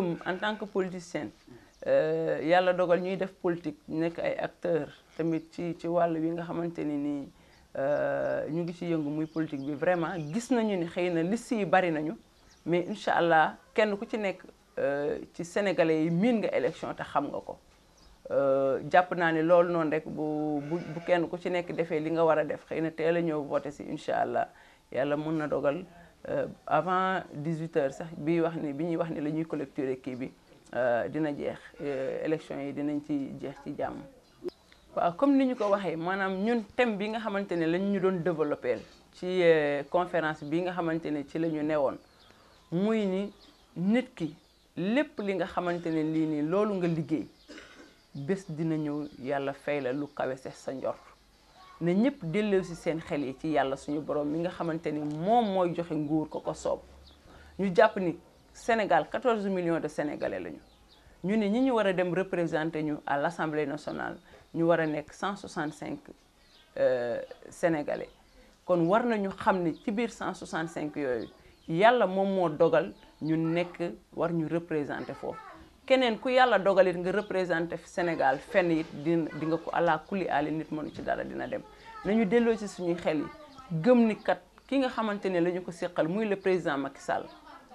en tant que politicien euh, yàlla dogal ñuy def politique nekk ay acteurs tamit ci ci wàll wi nga xamante ni nii euh, ñu ngi ci yëngu muy politique bi vraiment gis nañu ni xëy na liste yi bari nañu mais incha allah kenn ku ci nekk euh, ci sénégalais yi miin nga élection te xam nga ko. jàpp naa ni loolu noonu rek bu bu bu kenn ku ci nekk defee li nga war a def xëy na teel a ñëw voté si incha allah yàlla mun na dogal. Euh, avant 18 heures sax bi wax ni bi ñuy wax ni la ñuy collecturer kii bi euh, dina jeex euh, élection yi dinañ ci jeex ci jàmm. waaw comme ni ñu ko waxee maanaam ñun thème bi nga xamante ne lañ ñu doon développer ci conférence bi nga xamante ne ci la ñu newoon muy nii nit ki lépp li nga xamante ne lii nii loolu nga liggéey bés dina ñëw yàlla fay la lu kawe sax sa njort. na ñëpp delloo si seen xel yi ci yàlla suñu borom mi nga xamante ni moom mooy joxe nguur ko ko soob ñu jàpp ni Sénégal 14 million de sénégalais lañu ñu ne ñi ñu war a dem représenté ñu à l'Assemblée nationale ñu war a nekk 165 euh, sénégalais kon war nañu xam ne ci biir 165 yooyu yàlla moom moo dogal ñu nekk war ñu représenter foofu. keneen ku yàlla dogalit nga représenté Sénégal fenn it dina di nga ko àla kuli ali nit mënu ci dala dina dem nañu delloo ci suñuy xel yi gëm ni kat ki nga xamante ne la ko séqal muy le président Macky Sall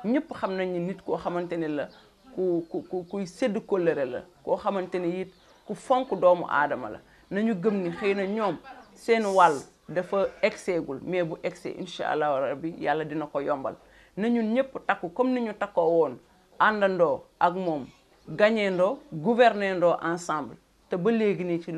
ñëpp xam nañu nit koo xamante ne la ku ku ku kuy sédd kóllëre la koo xamante ni it ku fonk doomu aadama la na ñu gëm ni xëy na ñoom seen wàll dafa egseegul mais bu egsee incha allah rabbi yàlla dina ko yombal na ñun ñëpp takku comme ni ñu takkoo woon àndandoo ak moom gagnendoo gouvernendoo ensemble te ba léegi nii ci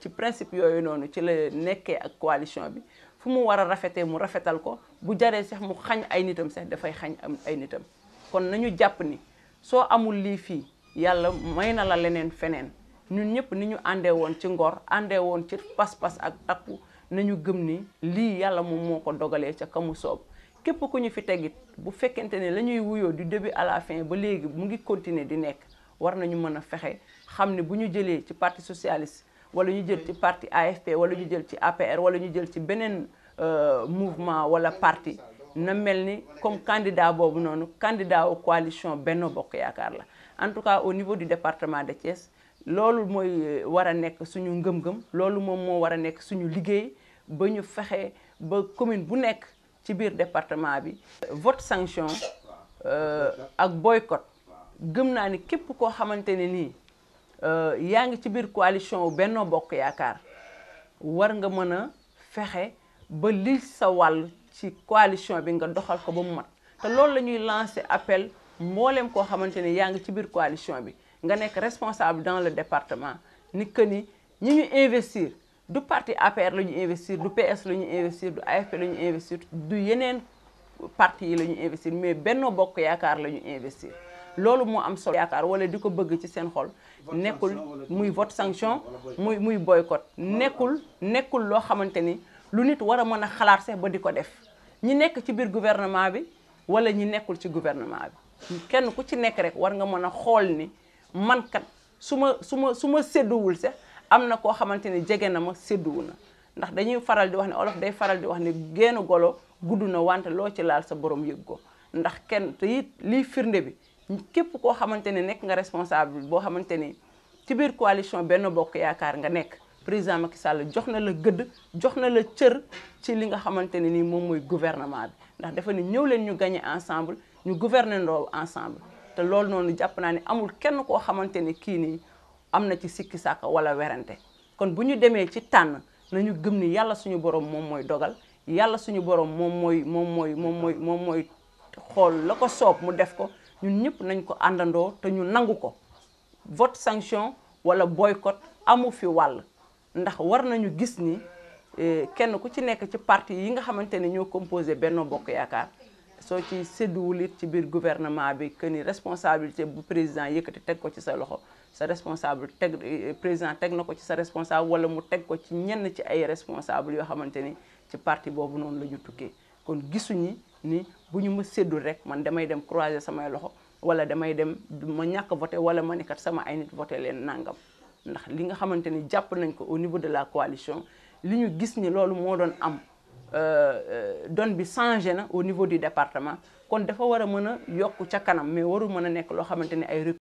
ci principe yooyu noonu ci la nekkee ak coalition bi fu mu war a rafetee mu rafetal ko bu jaree sax mu xañ ay nitam sax dafay xañ am ay nitam kon nañu jàpp ni soo amul lii fii yàlla may na la leneen feneen ñun ñëpp ni ñu àndee woon ci ngor àndee woon ci pas-pas ak ak nañu gëm ni lii yàlla moom moo ko dogalee ca kamu soob képp ku ñu fi tegit bu fekkente ne lañuy wuyoo di début à la fin ba léegi mu ngi continuer di nekk war nañu mën a fexe xam ne bu ñu jëlee ci parti socialiste wala ñu jël ci parti AFP wala ñu jël ci APR wala ñu jël ci beneen euh, mouvement wala parti na mel ni comme candidat boobu noonu candidat au coalition Benno Bokk Yaakaar la en tout cas au niveau du département de Thiès loolu mooy euh, war a nekk suñu ngëm-ngëm loolu moom moo war a nekk suñu liggéey ba ñu fexe ba commune bu nekk ci biir département bi euh, vote sanction euh, ak boykot gëm naa ni képp koo xamante ne nii yaa ngi ci biir coalition Benno Bokk Yaakaar war nga mën a fexe ba li sa wàll ci coalition bi nga doxal ko ba mu mat te loolu la ñuy lancer appel mboolem koo xamante ne yaa ngi ci biir coalition bi nga nekk responsable dans le département ni que ni ñi ñu investir du parti APR la ñu investir du PS la ñu investir du AFP la ñu investir du yeneen parti yi la ñu investir mais Benno Bokk Yaakaar la ñu investir loolu moo am solo yaakaar wala di ko bëgg ci seen xol nekkul muy vote sanction muy muy boycott nekkul nekkul loo xamante ni lu nit war a mën a xalaat sax ba di ko def ñi nekk ci biir gouvernement bi wala ñi nekkul ci gouvernement bi kenn ku ci nekk rek war nga mën a xool ni mankat su ma su ma su ma sédduwul sax am na koo xamante ne jege na ma sédduwu na ndax dañuy faral di wax ne olof day faral di wax ni génn golo gudd na wante loo ci laal sa borom yëg ko ndax kenn te it lii firnde bi képp koo xamante ne nekk nga responsable boo xamante ni ci biir coalition benn bokk yaakaar nga nekk président Macky Sall jox na la gëdd jox na la cër ci li nga xamante ne nii moom mooy gouvernement bi ndax dafa ne ñëw leen ñu gagné ensemble ñu gouverner ndoo ensemble te loolu noonu jàpp naa ni amul kenn koo xamante ne kii nii am na ci sikki sàkka wala werante kon bu ñu demee ci tànn ñu gëm ni yàlla suñu borom moom mooy dogal yàlla suñu borom moom mooy moom mooy moom mooy moom mooy xool la ko soob mu def ko ñun ñëpp nañ ko àndandoo te ñu nangu ko vote sanction wala boycott amu fi wàll ndax war nañu gis ni eh, kenn ku ci nekk ci parti yi nga xamante ne ñoo composé Benno Bokk Yaakaar soo ci sédduwul it ci biir gouvernement bi que ni responsabilité bu président yëkkati teg ko ci sa loxo sa responsable teg président teg na ko ci sa responsable wala mu teg ko ci ñenn ci ay responsable yoo xamante ni ci parti boobu noonu la ñu tukkee kon gisuñu ni bu ñu ma séddul rek man damay dem croiser samay loxo wala damay dem ma ñàkk voté wala ma ni kat sama ay nit voté leen nangam ndax li nga xamante ni jàpp nañ ko au niveau de la coalition li ñu doon am Euh, euh, donne bi changé na au niveau du département kon dafa war a mën a yokk ca kanam mais waru mën a nekk loo xamante ni ay